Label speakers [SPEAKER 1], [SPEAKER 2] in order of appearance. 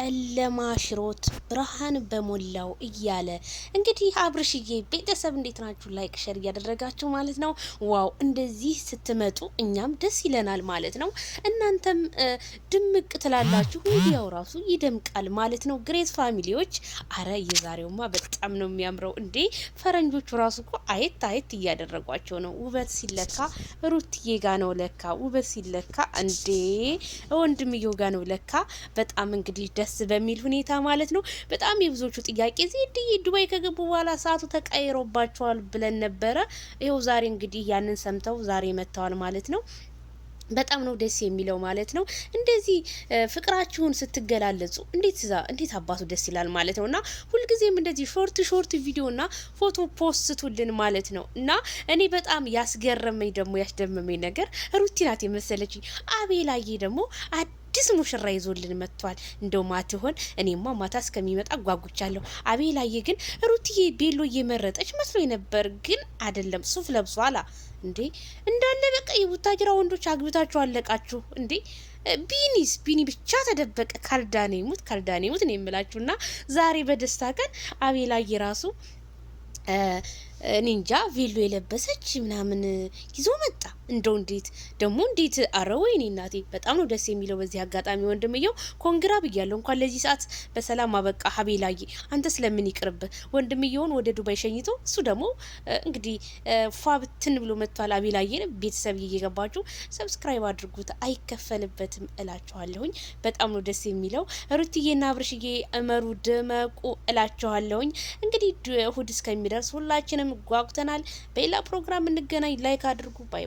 [SPEAKER 1] ጨለማ ሽሮት ብርሃን በሞላው እያለ እንግዲህ አብርሽዬ ቤተሰብ እንዴት ናችሁ? ላይክ ሸር እያደረጋችሁ ማለት ነው። ዋው እንደዚህ ስትመጡ እኛም ደስ ይለናል ማለት ነው። እናንተም ድምቅ ትላላችሁ፣ ሚዲያው ራሱ ይደምቃል ማለት ነው። ግሬት ፋሚሊዎች፣ አረ የዛሬውማ በጣም ነው የሚያምረው እንዴ! ፈረንጆቹ ራሱ እኮ አየት አየት እያደረጓቸው ነው። ውበት ሲለካ ሩትዬ ጋ ነው ለካ ውበት ሲለካ እንዴ ወንድምዬው ጋ ነው ለካ። በጣም እንግዲህ ደስ በሚል ሁኔታ ማለት ነው። በጣም የብዙዎቹ ጥያቄ ዜድዬ ዱባይ ከገቡ በኋላ ሰዓቱ ተቀይሮባቸዋል ብለን ነበረ። ይኸው ዛሬ እንግዲህ ያንን ሰምተው ዛሬ መጥተዋል ማለት ነው። በጣም ነው ደስ የሚለው ማለት ነው። እንደዚህ ፍቅራችሁን ስትገላለጹ እንዴት ዛ እንዴት አባቱ ደስ ይላል ማለት ነው እና ሁልጊዜም እንደዚህ ሾርት ሾርት ቪዲዮና ፎቶ ፖስትቱልን ማለት ነው እና እኔ በጣም ያስገረመኝ ደግሞ ያስደመመኝ ነገር ሩቲናት የመሰለችኝ አቤላዬ ደግሞ አዲስ ሙሽራ ይዞልን መጥቷል። እንደው ማት ይሆን? እኔማ ማታ እስከሚመጣ ጓጉቻለሁ። አቤላዬ ግን ሩትዬ ቤሎ እየመረጠች መስሎ ነበር፣ ግን አይደለም። ሱፍ ለብሶ አላ እንዴ እንዳለ በቃ የቡታጅራ ወንዶች አግብታችሁ አለቃችሁ እንዴ ቢኒስ ቢኒ ብቻ ተደበቀ። ካልዳኔ ሙት ካልዳኔ ሙት ነው የምላችሁ። እና ዛሬ በደስታ ቀን አቤላዬ ራሱ ኒንጃ እንጃ ቬሎ የለበሰች ምናምን ይዞ መጣ። እንደው እንዴት ደግሞ እንዴት አረወ ኔ እናቴ፣ በጣም ነው ደስ የሚለው። በዚህ አጋጣሚ ወንድምየው ኮንግራ ብያለሁ፣ እንኳን ለዚህ ሰዓት በሰላም አበቃ። ሀቤላዬ አንተ ስለምን ይቅርብ። ወንድምየውን ወደ ዱባይ ሸኝቶ እሱ ደግሞ እንግዲህ ፏብትን ብሎ መጥቷል። አቤላዬን ቤተሰብ እየገባችሁ ሰብስክራይብ አድርጉት፣ አይከፈልበትም እላችኋለሁኝ። በጣም ነው ደስ የሚለው። ሩትዬና አብርሽዬ እመሩ ድመቁ እላችኋለሁኝ። እንግዲህ እሁድ እስከሚደርስ ሁላችንም ጓጉተናል። በሌላ ፕሮግራም እንገናኝ። ላይክ አድርጉ። ባይ